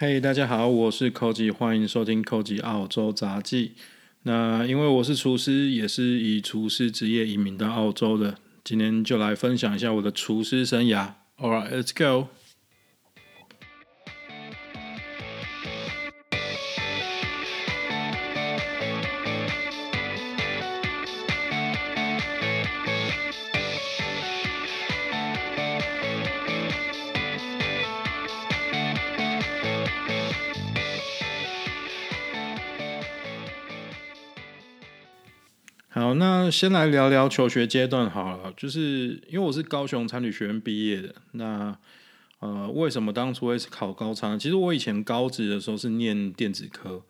嘿、hey，大家好，我是寇吉，歡迎收聽寇吉澳洲雜技。那因為我是廚師，也是以廚師職業移民到澳洲的，今天就來分享一下我的廚師生涯。Alright, let's go. 先來聊聊求學階段好了，就是因為我是高雄餐旅學院畢業的，那呃，為什麼當初會是考高餐？其實我以前高職的時候是念電子科，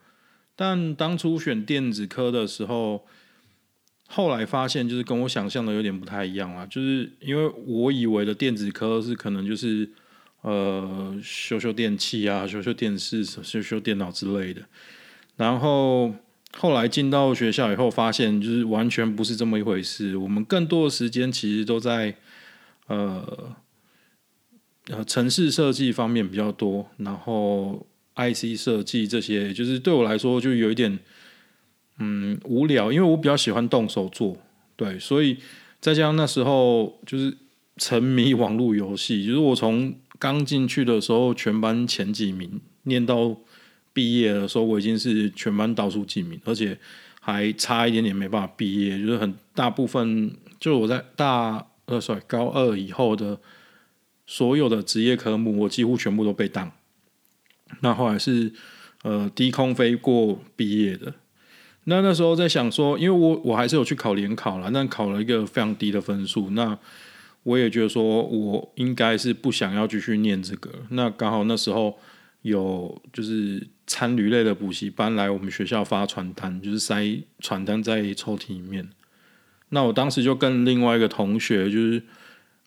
但當初選電子科的時候，後來發現就是跟我想象的有點不太一樣啊。就是因為我以為的電子科是可能就是呃修修電器啊、修修電視、修修電腦之類的，然後。後來進到學校以後，發現就是完全不是這麼一回事。我們更多的時間其實都在，呃，呃，程式設計方面比較多。然後 IC 設計這些，就是對我來說就有一點，嗯，無聊。因為我比較喜歡動手做，對。所以再加上那時候就是沉迷網絡遊戲，就是我從剛進去的時候全班前幾名，念到。畢業的時候，我已經是全班倒數幾名，而且還差一點點沒辦法畢業。就是很大部分，就我在大二，sorry，高二以後的所有的職業科目，我幾乎全部都被當。那後來是呃低空飛過畢業的。那那時候在想說，因為我我還是有去考聯考了，但考了一個非常低的分數。那我也覺得說我應該是不想要繼續念這個。那剛好那時候。有就是餐旅類的補習班來我們學校發傳單，就是塞傳單在抽屜裡面。那我當時就跟另外一個同學，就是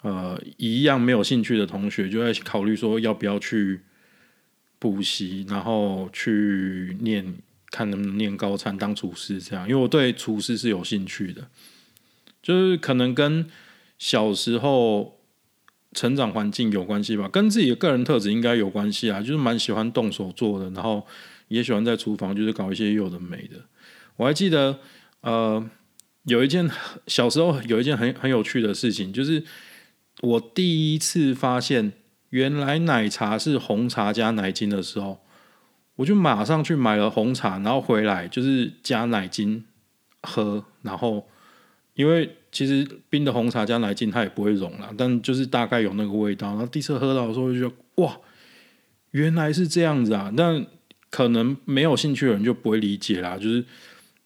呃一樣沒有興趣的同學，就在考慮說要不要去補習，然後去念，看能不能念高餐當廚師這樣。因為我對廚師是有興趣的，就是可能跟小時候。成長環境有關係吧，跟自己的個人特質應該有關係啊，就是蠻喜歡動手做的，然後也喜歡在廚房就是搞一些有的沒的。我還記得，呃，有一件小時候有一件很很有趣的事情，就是我第一次發現原來奶茶是紅茶加奶精的時候，我就馬上去買了紅茶，然後回來就是加奶精喝，然後。因為其實冰的紅茶加奶精，它也不會融啦，但就是大概有那個味道。然後第一次喝到的時候就覺得，哇，原來是這樣子啊！那可能沒有興趣的人就不會理解啦。就是，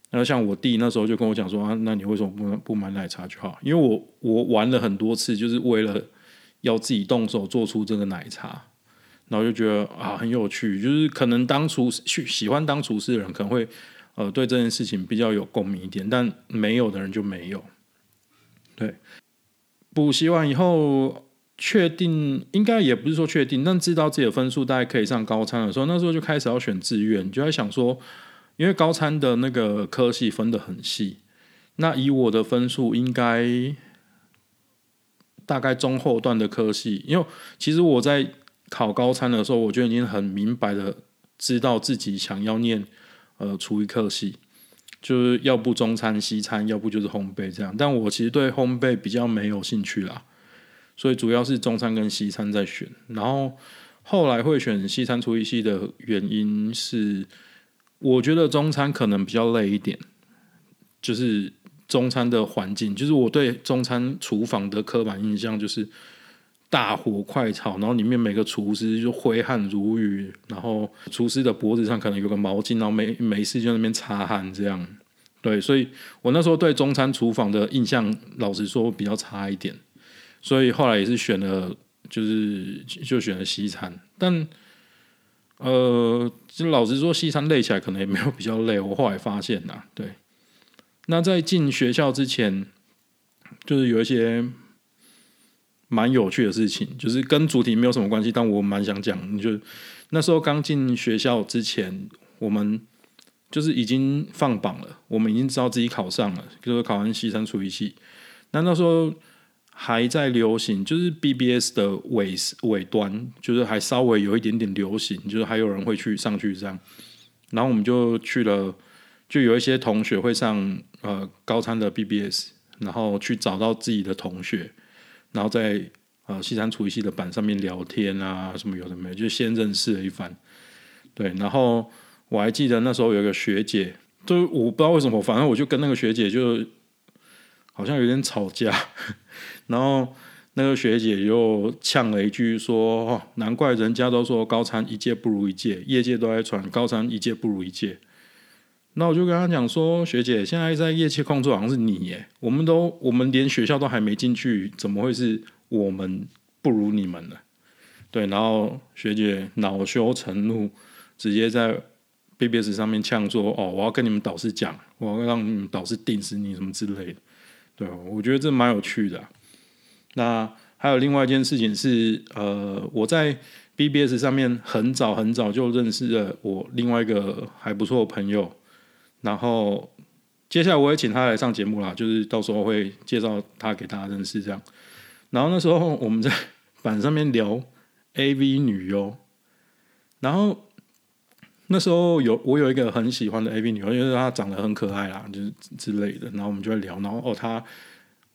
然後像我弟那時候就跟我講說啊，那你為什麼不不買奶茶就好？因為我我玩了很多次，就是為了要自己動手做出這個奶茶，然後就覺得啊很有趣。就是可能當廚師喜歡當廚師的人可能會。呃，對這件事情比較有共鳴一點，但沒有的人就沒有。對，補習完以後，確定應該也不是說確定，但知道自己的分數大概可以上高餐的時候，那時候就開始要選志願，就在想說，因為高餐的那個科系分得很細，那以我的分數應該大概中後段的科系，因為其實我在考高餐的時候，我就已經很明白的知道自己想要念。呃，廚藝科系，就是要不中餐西餐，要不就是烘焙這樣。但我其實對烘焙比較沒有興趣啦，所以主要是中餐跟西餐在選。然後後來會選西餐廚藝系的原因是，我覺得中餐可能比較累一點，就是中餐的環境，就是我對中餐廚房的刻板印象就是。大火快炒，然後裡面每個廚師就揮汗如雨，然後廚師的脖子上可能有個毛巾，然後沒沒事就在那邊擦汗這樣。對，所以我那時候對中餐廚房的印象，老實說比較差一點。所以後來也是選了，就是就選了西餐。但，呃，就老實說，西餐累起來可能也沒有比較累。我後來發現吶，對。那在進學校之前，就是有一些。蠻有趣的事情，就是跟主題沒有什麼關係，但我蠻想講，就就那時候剛進學校之前，我們就是已經放榜了，我們已經知道自己考上了，就是考完西餐廚藝系。那那時候還在流行，就是 BBS 的尾尾端，就是還稍微有一點點流行，就是還有人會去上去這樣，然後我們就去了，就有一些同學會上呃高餐的 BBS，然後去找到自己的同學。然後在呃西餐廚藝系的板上面聊天啊，什麼有的沒，就先認識了一番。對，然後我還記得那時候有一個學姐，就我不知道為什麼，反正我就跟那個學姐就好像有點吵架，然後那個學姐又嗆了一句說：“哦，難怪人家都說高餐一屆不如一屆，業界都在傳高餐一屆不如一屆。”那我就跟他講說，學姐，現在在業績工作好像是你耶，我們都，我們連學校都還沒進去，怎麼會是我們不如你們呢？對，然後學姐惱羞成怒，直接在 BBS 上面嗆說：“哦，我要跟你們導師講，我要讓你們導師定死你什麼之類的。”對，對，我覺得這蠻有趣的啊。那還有另外一件事情是，呃，我在 BBS 上面很早很早就認識了我另外一個還不錯的朋友。然後接下來我也請他來上節目啦，就是到時候會介紹他給大家認識這樣。然後那時候我們在板上面聊 A V 女優，哦，然後那時候有我有一個很喜歡的 A V 女優，因為她長得很可愛啦，就是之類的。然後我們就會聊，然後哦她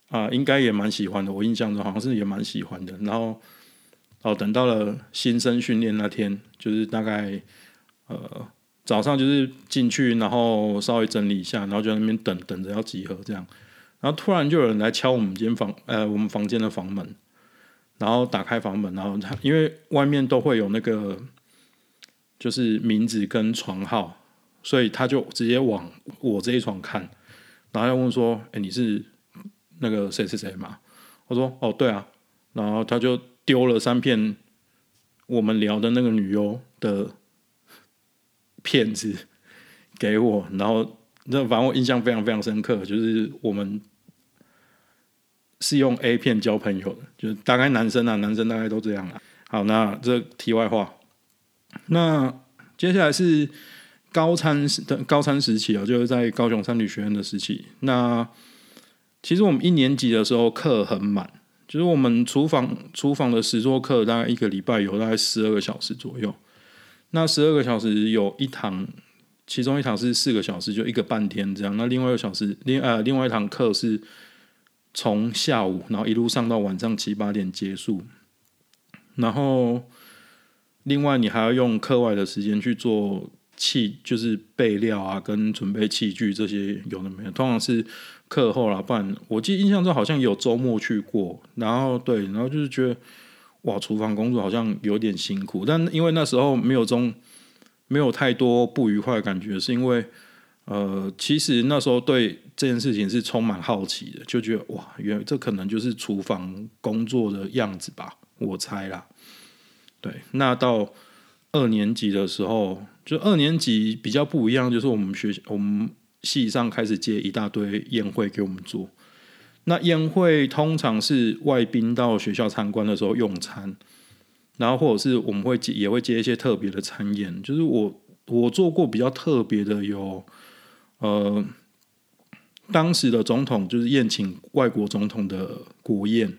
啊、呃、應該也蠻喜歡的，我印象中好像是也蠻喜歡的。然後哦等到了新生訓練那天，就是大概呃。早上就是進去，然後稍微整理一下，然後就在那邊等等着要集合這樣，然後突然就有人來敲我們間房，呃，我們房間的房門，然後打開房門，然後他因為外面都會有那個就是名字跟床號，所以他就直接往我這一床看，然後他就問說：“哎、欸，你是那個誰誰誰嗎？”我說：“哦，對啊。”然後他就丟了三片我們聊的那個女優的。片子給我，然後那反正我印象非常非常深刻，就是我們是用 A 片交朋友的，就是大概男生啊，男生大概都這樣啦、啊，好，那這題外話。那接下來是高餐時的高餐時期啊，就是在高雄餐旅學院的時期。那其實我們一年級的時候課很滿，就是我們廚房廚房的實作課大概一個禮拜有大概十二個小時左右。那十二個小時有一堂，其中一堂是四個小時，就一個半天這樣。那另外一個小時，另呃，另外一堂課是從下午，然後一路上到晚上七八點結束。然後，另外你還要用課外的時間去做器，就是備料啊，跟準備器具這些，有的沒有？通常是課後啦，不然我記得印象中好像有周末去過。然後對，然後就是覺得。哇，廚房工作好像有點辛苦，但因為那時候沒有中，沒有太多不愉快的感覺，是因為，呃，其實那時候對這件事情是充滿好奇的，就覺得哇，原來這可能就是廚房工作的樣子吧，我猜啦。對，那到二年級的時候，就二年級比較不一樣，就是我們學我們系上開始接一大堆宴會給我們做。那宴會通常是外賓到學校參觀的時候用餐，然後或者是我們會也會接一些特別的餐宴，就是我我做過比較特別的有，呃，當時的總統就是宴請外國總統的國宴，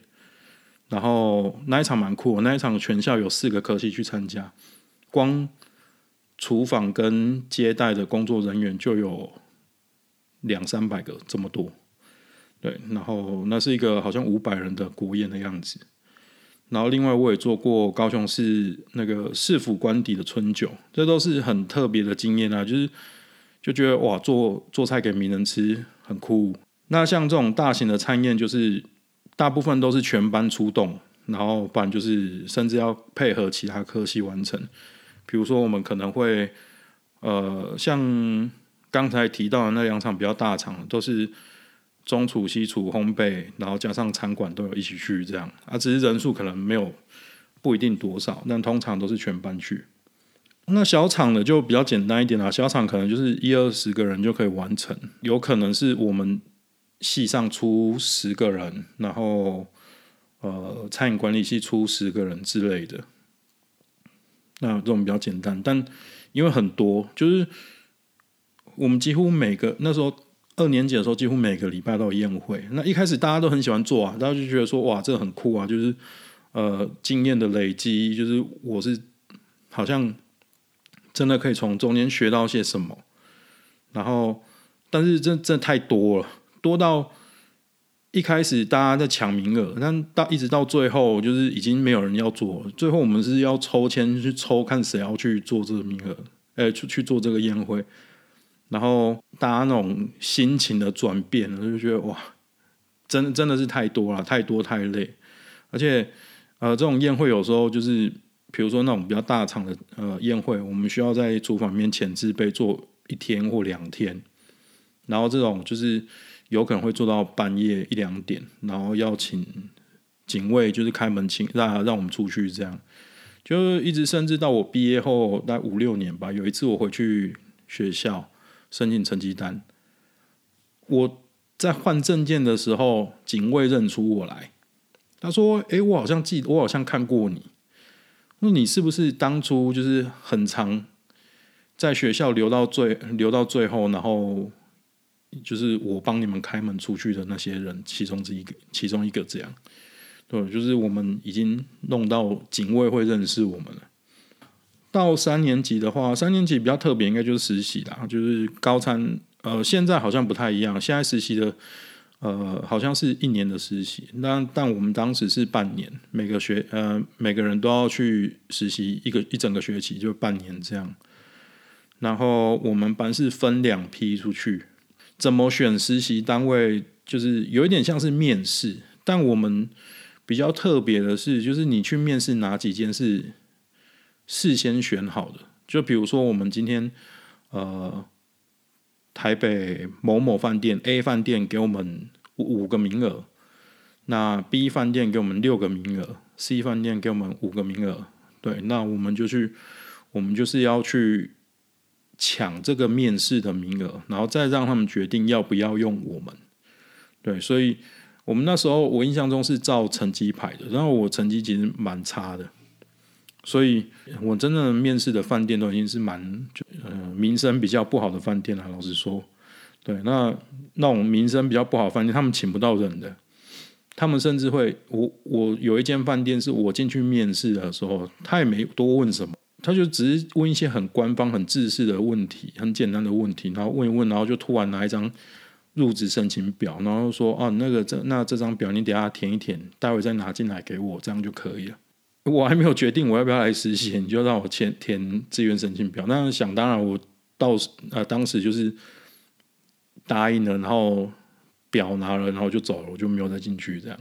然後那一場蠻酷，那一場全校有四個科系去參加，光廚房跟接待的工作人員就有兩三百個，這麼多。對，然後那是一個好像五百人的國宴的樣子，然後另外我也做過高雄市那個市府官邸的春酒，這都是很特別的經驗啊，就是就覺得哇，做做菜給名人吃很酷，cool。那像這種大型的餐宴，就是大部分都是全班出動，然後不然就是甚至要配合其他科系完成，比如說我們可能會呃，像剛才提到的那兩場比較大場都是。中廚、西廚、烘焙，然後加上餐館都有一起去這樣啊，只是人數可能沒有不一定多少，但通常都是全班去。那小廠的就比較簡單一點啦，啊，小廠可能就是一二十個人就可以完成，有可能是我們系上出十個人，然後呃餐飲管理系出十個人之類的。那這種比較簡單，但因為很多就是我們幾乎每個那時候，二年級的時候，幾乎每個禮拜都有宴會。那一開始大家都很喜歡做啊，大家就覺得說：“哇，這很酷啊！”就是呃，經驗的累積，就是我是好像真的可以從中間學到些什麼。然後，但是這這太多了，多到一開始大家在搶名額，但到一直到最後，就是已經沒有人要做了。最後我們是要抽籤去抽，看誰要去做這個名額，哎、欸，去去做這個宴會。然後大家那種心情的轉變，我就覺得哇，真的真的是太多了，太多太累。而且，呃，這種宴會有時候就是，比如說那種比較大的場的呃宴會，我們需要在廚房裡面前置備做一天或兩天。然後這種就是有可能會做到半夜一兩點，然後要請警衛就是開門請讓讓我們出去這樣。就一直甚至到我畢業後大概五六年吧，有一次我回去學校，申請成績單。我在換證件的時候，警衛認出我來，他說：“誒、欸，我好像記得我好像看過你。那你是不是當初就是很常在學校留到最留到最後，然後就是我幫你們開門出去的那些人其中之一個，其中一個這樣？對，就是我們已經弄到警衛會認識我們了。”到三年級的話，三年級比較特別，應該就是實習啦。就是高餐，呃，現在好像不太一樣。現在實習的，呃，好像是一年的實習。那但我們當時是半年，每個學，呃，每個人都要去實習一個一整個學期，就半年這樣。然後我們班是分兩批出去，怎麼選實習單位，就是有一點像是面試。但我們比較特別的是，就是你去面試哪幾件事。事先選好的，就比如說我們今天，呃，台北某某飯店 A 飯店給我們五個名額，那 B 飯店給我們六個名額，C 飯店給我們五個名額，對，那我們就去，我們就是要去搶這個面試的名額，然後再讓他們決定要不要用我們。對，所以我們那時候我印象中是照成績排的，然後我成績其實蠻差的。所以，我真正面試的飯店都已經是蠻，就，呃，名聲比較不好的飯店了。老實說，對，那那種名聲比較不好的飯店，他們請不到人的。他們甚至會，我我有一間飯店是我進去面試的時候，他也沒多問什麼，他就只是問一些很官方、很制式的問題，很簡單的問題，然後問一問，然後就突然拿一張入職申請表，然後說：“哦，那個這那這張表你等下填一填，待會再拿進來給我，這樣就可以了。”我還沒有決定我要不要來實習，你、嗯、就讓我填填志願申請表。那想當然，我到呃當時就是答應了，然後表拿了，然後就走了，我就沒有再進去這樣。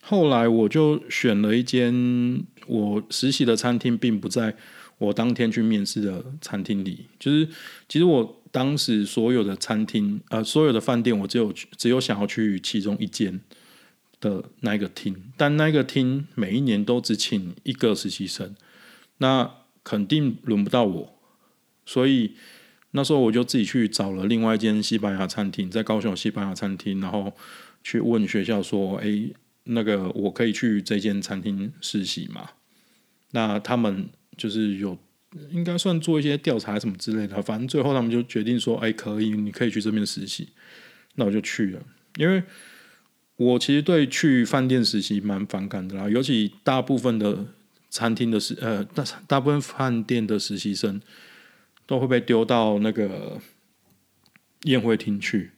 後來我就選了一間我實習的餐廳，並不在我當天去面試的餐廳裡。就是其實我當時所有的餐廳呃所有的飯店，我只有只有想要去其中一間。的那一個廳，但那個廳每一年都只請一個實習生，那肯定輪不到我，所以那時候我就自己去找了另外一間西班牙餐廳，在高雄西班牙餐廳，然後去問學校說：“誒，那個我可以去這間餐廳實習嗎？”那他們就是有應該算做一些調查什麼之類的，反正最後他們就決定說：“誒，可以，你可以去這邊實習。”那我就去了，因為。我其實對去飯店實習蠻反感的啦，尤其大部分的餐廳的實呃，大大部分飯店的實習生都會被丟到那個宴會廳去，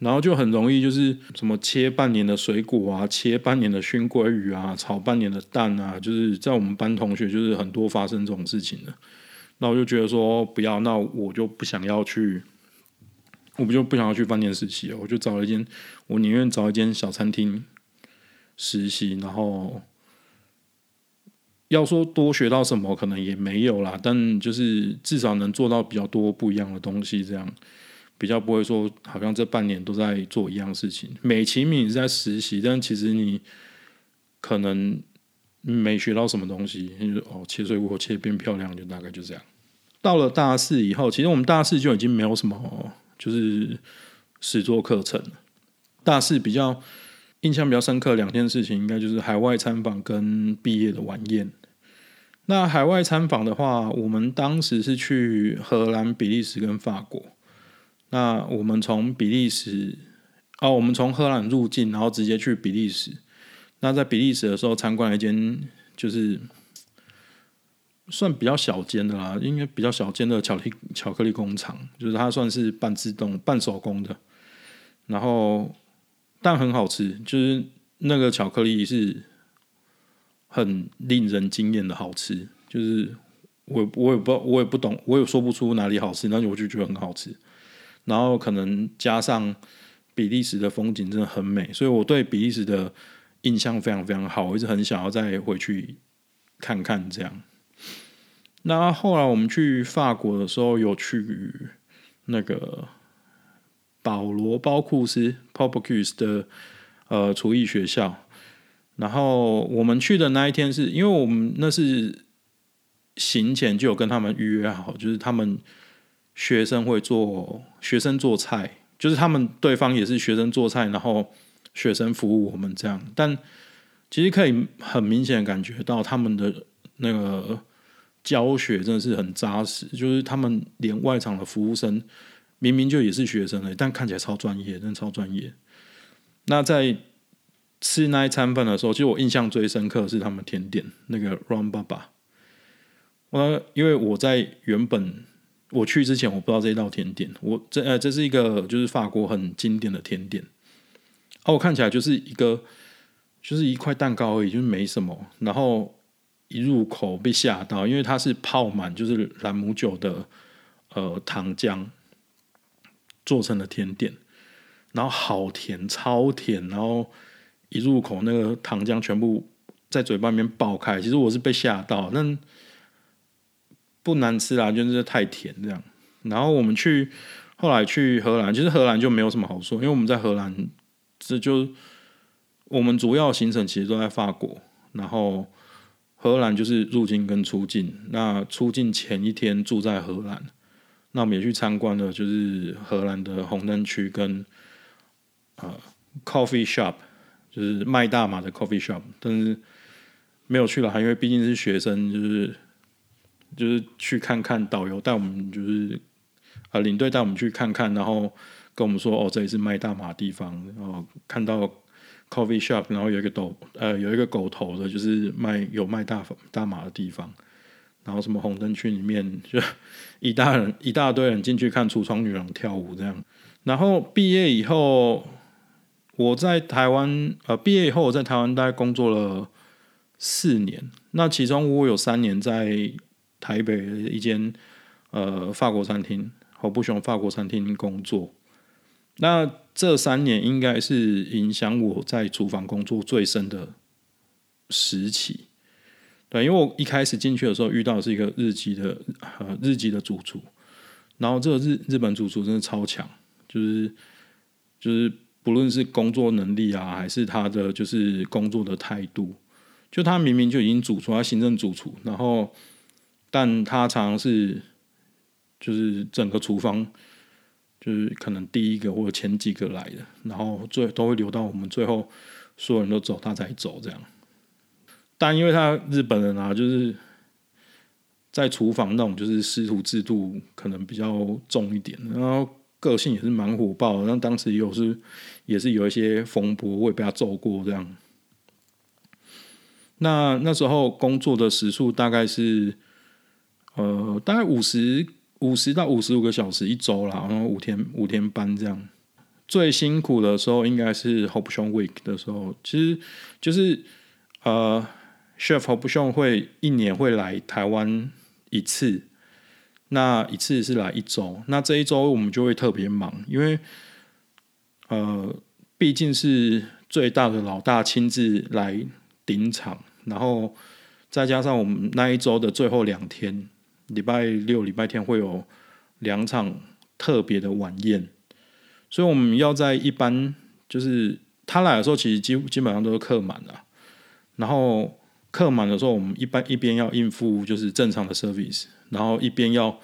然後就很容易就是什麼切半年的水果啊，切半年的燻鮭魚啊，炒半年的蛋啊，就是在我們班同學就是很多發生這種事情的，那我就覺得說不要，那我就不想要去。我不就不想要去飯店實習了，我就找了一間，我寧願找一間小餐廳實習。然後要說多學到什麼，可能也沒有啦，但就是至少能做到比較多不一樣的東西，這樣比較不會說好像這半年都在做一樣事情。美其名是在實習，但其實你可能你沒學到什麼東西，你就哦切水果切變漂亮，就大概就這樣。到了大四以後，其實我們大四就已經沒有什麼。就是實作課程，大四比較印象比較深刻兩件事情，應該就是海外參訪跟畢業的晚宴。那海外參訪的話，我們當時是去荷蘭、比利時跟法國。那我們從比利時哦，我們從荷蘭入境，然後直接去比利時。那在比利時的時候，參觀了一間就是。算比較小間的啦，應該比較小間的巧克力巧克力工廠，就是它算是半自動半手工的，然後但很好吃，就是那個巧克力是很令人驚艷的好吃，就是我我也不我也不懂，我也說不出哪裡好吃，但是我就覺得很好吃。然後可能加上比利時的風景真的很美，所以我對比利時的印象非常非常好，我一直很想要再回去看看這樣。那後來我們去法國的時候，有去那個保羅包庫斯 （Paul c u s e 的呃廚藝學校。然後我們去的那一天，是因為我們那是行前就有跟他們預約好，就是他們學生會做學生做菜，就是他們對方也是學生做菜，然後學生服務我們這樣。但其實可以很明顯的感覺到他們的那個。教學真的是很扎實，就是他們連外場的服務生明明就也是學生，欸但看起來超專業，真的超專業。那在吃那一餐飯的時候，其實我印象最深刻是他們甜點那個 Rum Baba。我因為我在原本我去之前，我不知道這一道甜點，我這、呃、這是一個就是法國很經典的甜點。哦、啊，我看起來就是一個就是一塊蛋糕而已，就是、沒什麼，然後。一入口被嚇到，因為它是泡滿就是朗姆酒的呃糖漿做成的甜點，然後好甜，超甜，然後一入口那個糖漿全部在嘴巴裡面爆開。其實我是被嚇到，但不難吃啦，就是太甜這樣。然後我們去後來去荷蘭，其實荷蘭就沒有什麼好說，因為我們在荷蘭，這就我們主要行程其實都在法國，然後。荷蘭就是入境跟出境，那出境前一天住在荷蘭，那我們也去參觀了，就是荷蘭的紅燈區跟啊、呃、coffee shop，就是賣大麻的 coffee shop，但是沒有去了，還因為畢竟是學生，就是就是去看看導遊帶我們，就是啊、呃、領隊帶我們去看看，然後跟我們說哦，這裡是賣大麻地方，然後看到。coffee shop，然後有一個斗呃有一個狗頭的，就是賣有賣大大麻的地方，然後什麼紅燈區裡面就一大人一大堆人進去看櫥窗女人跳舞這樣，然後畢業以後我在台灣呃畢業以後我在台灣大概工作了四年，那其中我有三年在台北一間呃法國餐廳，我不喜歡法國餐廳工作。那這三年應該是影響我在廚房工作最深的時期，對，因為我一開始進去的時候遇到的是一個日籍的呃日籍的主廚，然後這個日日本主廚真的超強，就是就是不論是工作能力啊，還是他的就是工作的態度，就他明明就已經主廚，他行政主廚，然後但他常常是就是整個廚房。就是可能第一個或者前幾個來的，然後最都會留到我們最後所有人都走，他才走這樣。但因為他日本人啊，就是在廚房那種就是師徒制度可能比較重一點，然後個性也是蠻火爆的。那當時有時也是有一些風波會被他揍過這樣。那那時候工作的時數大概是呃，大概五十。五十到五十五個小時一周啦，然後五天五天班這樣。最辛苦的時候應該是 Hopson Week 的時候，其實就是呃，Chef Hopson 會一年會來台灣一次，那一次是來一周，那這一周我們就會特別忙，因為呃，畢竟是最大的老大親自來頂場，然後再加上我們那一周的最後兩天。禮拜六、禮拜天會有兩場特別的晚宴，所以我們要在一般就是他來的時候，其實基基本上都是客滿了。然後客滿的時候，我們一般一邊要應付就是正常的 service，然後一邊要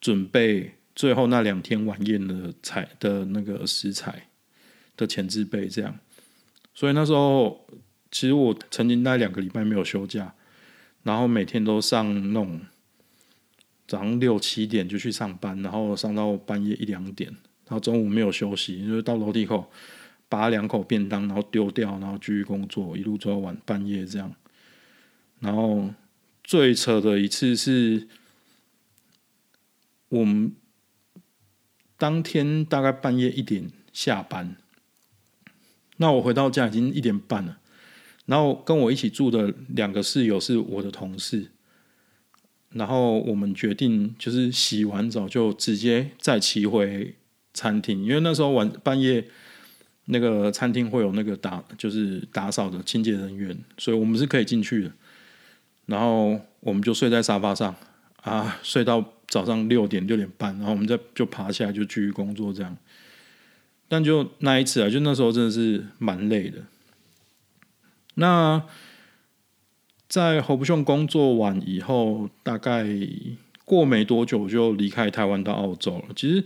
準備最後那兩天晚宴的材的那個食材的前置備這樣。所以那時候其實我曾經那兩個禮拜沒有休假，然後每天都上弄。早上六七點就去上班，然後上到半夜一兩點，然後中午沒有休息，因為到樓梯口扒兩口便當，然後丟掉，然後繼續工作，一路做到晚半夜這樣。然後最扯的一次是，我們當天大概半夜一點下班，那我回到家已經一點半了，然後跟我一起住的兩個室友是我的同事。然後我們決定就是洗完澡就直接再騎回餐廳，因為那時候晚半夜，那個餐廳會有那個打就是打掃的清潔人員，所以我們是可以進去的。然後我們就睡在沙發上，啊，睡到早上六點六點半，然後我們再就爬起來就繼續工作這樣。但就那一次啊，就那時候真的是蠻累的。那。在侯布雄工作完以後，大概過沒多久我就離開台灣到澳洲了。其實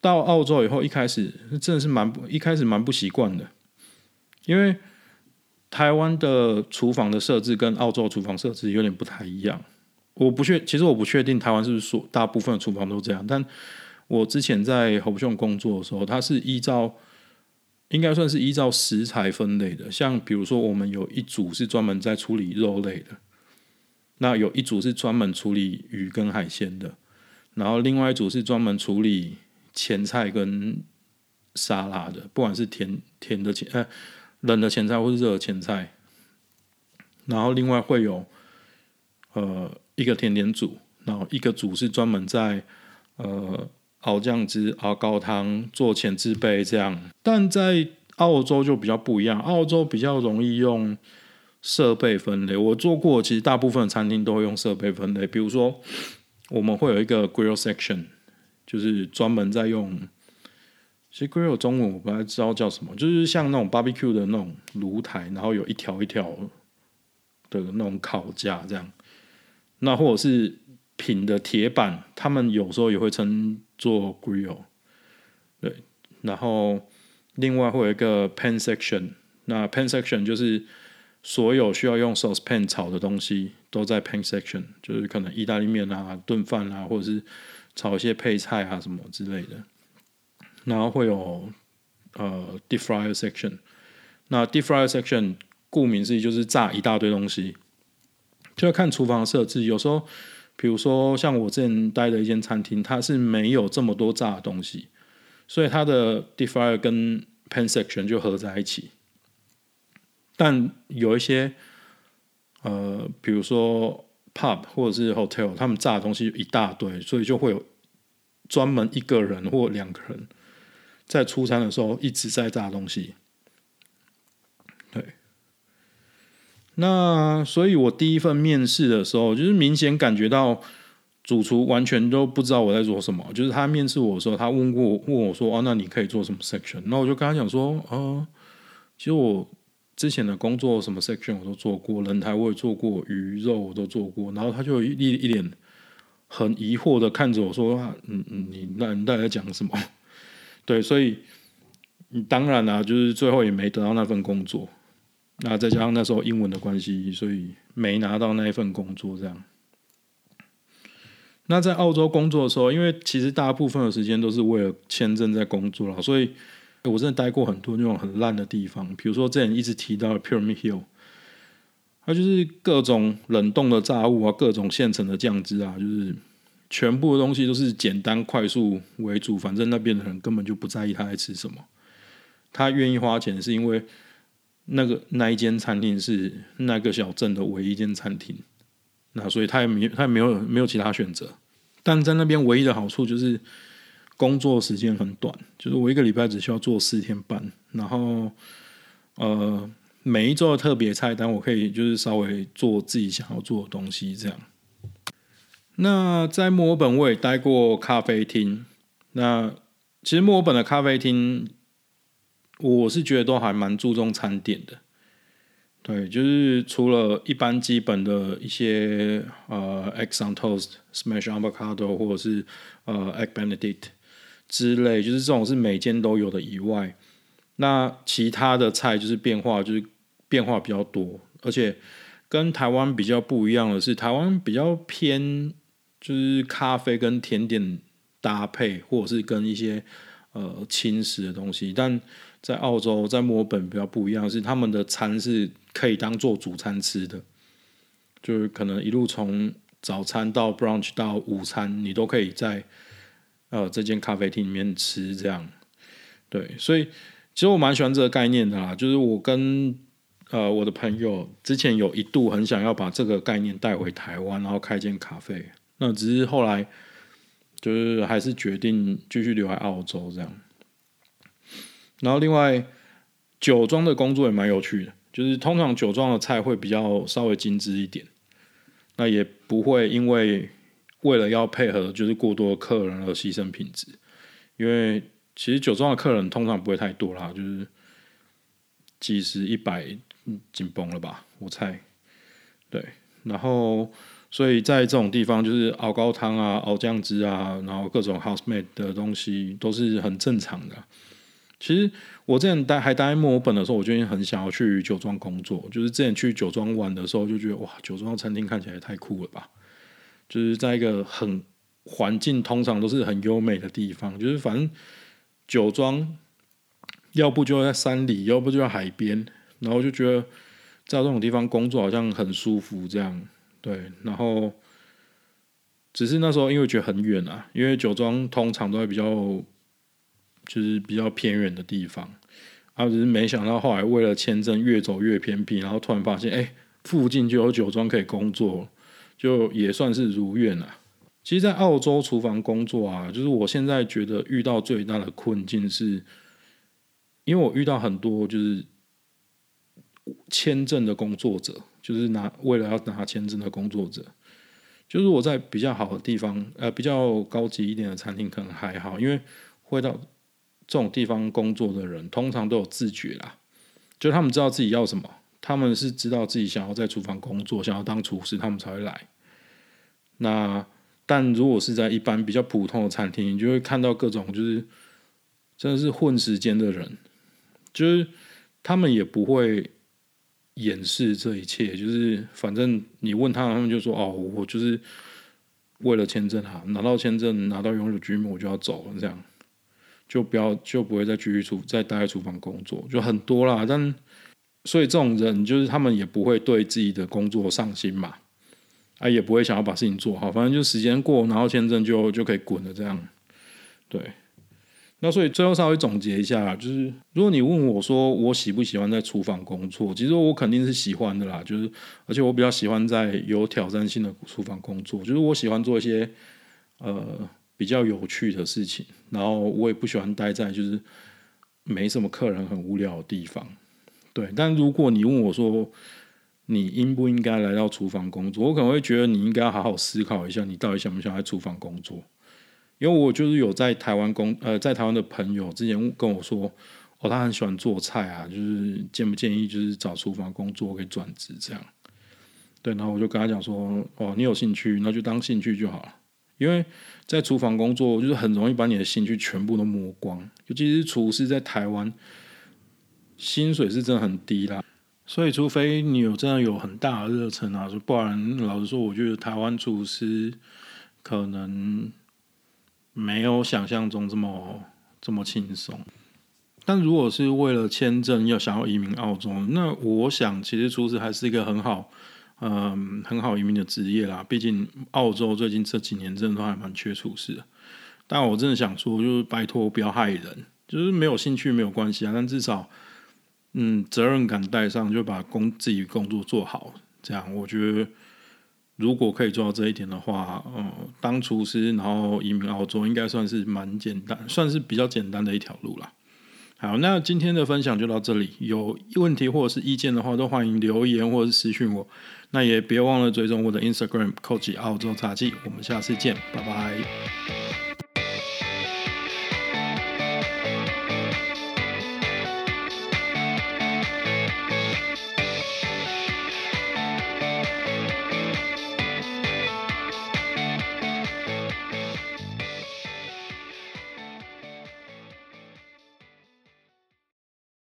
到澳洲以後，一開始真的是蠻不一開始蠻不習慣的，因為台灣的廚房的設置跟澳洲廚房設置有點不太一樣。我不確，其實我不確定台灣是不是所大部分的廚房都這樣。但我之前在侯布雄工作的時候，他是依照。應該算是依照食材分類的，像比如說我們有一組是專門在處理肉類的，那有一組是專門處理魚跟海鮮的，然後另外一組是專門處理前菜跟沙拉的，不管是甜甜的前、哎、冷的前菜或是熱的前菜，然後另外會有呃一個甜點組，然後一個組是專門在呃。熬醬汁、熬高湯、做前置備這樣，但在澳洲就比較不一樣。澳洲比較容易用設備分類，我做過，其實大部分的餐廳都會用設備分類。比如說，我們會有一個 grill section，就是專門在用。其實 grill 中文我不太知道叫什麼，就是像那種 barbecue 的那種爐台，然後有一條一條的那種烤架這樣。那或者是。品的鐵板，他們有時候也會稱作 grill。對，然後另外會有一個 pan section，那 pan section 就是所有需要用 sauce pan 炒的東西都在 pan section，就是可能意大利麵啊、燉飯啊，或者是炒一些配菜啊什麼之類的。然後會有呃 deep fryer section，那 deep fryer section 顧名思義就是炸一大堆東西，就要看廚房設置，有時候。比如說，像我之前待的一間餐廳，它是沒有這麼多炸的東西，所以它的 deep fry 跟 pan section 就合在一起。但有一些，呃，比如說 pub 或者是 hotel，他們炸的東西一大堆，所以就會有專門一個人或兩個人在出餐的時候一直在炸東西。那所以，我第一份面試的時候，就是明顯感覺到主廚完全都不知道我在做什麼。就是他面試我的時候，他問過我問我說：“啊、哦，那你可以做什麼 section？” 那我就跟他講說：“啊、呃，其實我之前的工作什麼 section 我都做過，人台我也做過，魚肉我都做過。”然後他就一一臉很疑惑的看着我說：“啊、嗯，你你那你到底在講什麼？”對，所以你當然啊，就是最後也沒得到那份工作。那再加上那時候英文的關係，所以沒拿到那一份工作。這樣，那在澳洲工作的時候，因為其實大部分的時間都是為了簽證在工作了，所以我真的待過很多那種很爛的地方。比如說之前一直提到的 Pyramid Hill，它就是各種冷凍的炸物啊，各種現成的醬汁啊，就是全部的東西都是簡單快速為主。反正那邊的人根本就不在意他在吃什麼，他願意花錢是因為。那個那一間餐廳是那個小鎮的唯一一間餐廳，那所以他也沒他也沒有沒有其他選擇。但在那邊唯一的好處就是工作時間很短，就是我一個禮拜只需要做四天班，然後呃每一周的特別菜單我可以就是稍微做自己想要做的東西這樣。那在墨爾本我也待過咖啡廳，那其實墨爾本的咖啡廳。我是覺得都還蠻注重餐點的，對，就是除了一般基本的一些呃 eggs on toast, smash avocado 或者是呃 egg Benedict 之類，就是這種是每間都有的以外，那其他的菜就是變化，就是變化比較多，而且跟台灣比較不一樣的是，台灣比較偏就是咖啡跟甜點搭配，或者是跟一些呃輕食的東西，但在澳洲，在墨爾本比較不一樣，是他們的餐是可以當做主餐吃的，就是可能一路從早餐到 brunch 到午餐，你都可以在呃這間咖啡廳裡面吃這樣。對，所以其實我蠻喜歡這個概念的啦。就是我跟呃我的朋友之前有一度很想要把這個概念帶回台灣，然後開一間咖啡，那只是後來就是還是決定繼續留在澳洲這樣。然後另外，酒莊的工作也蠻有趣的，就是通常酒莊的菜會比較稍微精緻一點，那也不會因為為了要配合就是過多客人而犧牲品質，因為其實酒莊的客人通常不會太多啦，就是幾十、一百，嗯，緊繃了吧？我猜。對，然後所以在這種地方，就是熬高湯啊、熬醬汁啊，然後各種 house made 的東西都是很正常的啊。其實我之前待還待墨爾本的時候，我就已經很想要去酒莊工作。就是之前去酒莊玩的時候，就覺得哇，酒莊餐廳看起來也太酷了吧！就是在一個很環境通常都是很優美的地方，就是反正酒莊要不就在山裡，要不就在海邊，然後就覺得在這種地方工作好像很舒服。這樣對，然後只是那時候因為覺得很遠啊，因為酒莊通常都會比較。就是比較偏遠的地方，啊，只是沒想到後來為了簽證越走越偏僻，然後突然發現，哎、欸，附近就有酒莊可以工作，就也算是如願了。其實，在澳洲廚房工作啊，就是我現在覺得遇到最大的困境是，因為我遇到很多就是簽證的工作者，就是拿為了要拿簽證的工作者，就是我在比較好的地方，呃，比較高級一點的餐廳可能還好，因為會到。這種地方工作的人通常都有自覺啦，就他們知道自己要什麼，他們是知道自己想要在廚房工作，想要當廚師，他們才會來。那但如果是在一般比較普通的餐廳，你就會看到各種就是真的是混時間的人，就是他們也不會掩飾這一切，就是反正你問他，他們就說哦，我就是為了簽證哈，拿到簽證拿到永久居民，我就要走了這樣。就不要就不會再繼續處在待在廚房工作，就很多啦。但所以這種人就是他們也不會對自己的工作上心嘛，啊也不會想要把事情做好，反正就時間過，然後簽證就就可以滾了這樣。對，那所以最後稍微總結一下，就是如果你問我說我喜不喜歡在廚房工作，其實我肯定是喜歡的啦。就是而且我比較喜歡在有挑戰性的廚房工作，就是我喜歡做一些呃。比較有趣的事情，然後我也不喜歡待在就是沒什麼客人很無聊的地方。對。但如果你問我說你應不應該來到廚房工作，我可能會覺得你應該好好思考一下，你到底想不想在廚房工作。因為我就是有在台灣工呃，在台灣的朋友之前跟我說，哦，他很喜歡做菜啊，就是建不建議就是找廚房工作給轉職這樣。對，然後我就跟他講說，哦，你有興趣，那就當興趣就好了。因為在廚房工作，就是很容易把你的興趣全部都磨光。尤其是廚師在台灣，薪水是真的很低啦。所以，除非你有真的有很大的熱忱啊，不然老實說，我覺得台灣廚師可能沒有想象中這麼這麼輕鬆。但如果是為了簽證又想要移民澳洲，那我想其實廚師還是一個很好。嗯，很好移民的職業啦。畢竟澳洲最近這幾年真的都還蠻缺廚師的。但我真的想說，就是拜托不要害人，就是沒有興趣沒有關係啊。但至少，嗯，責任感帶上，就把工自己工作做好。這樣我覺得，如果可以做到這一點的話，嗯，當廚師然後移民澳洲應該算是蠻簡單，算是比較簡單的一條路啦。好，那今天的分享就到這裡。有問題或者是意見的話，都歡迎留言或者是私訊我。那也別忘了追蹤我的 Instagram Coach 澳洲茶記。我們下次見，拜拜。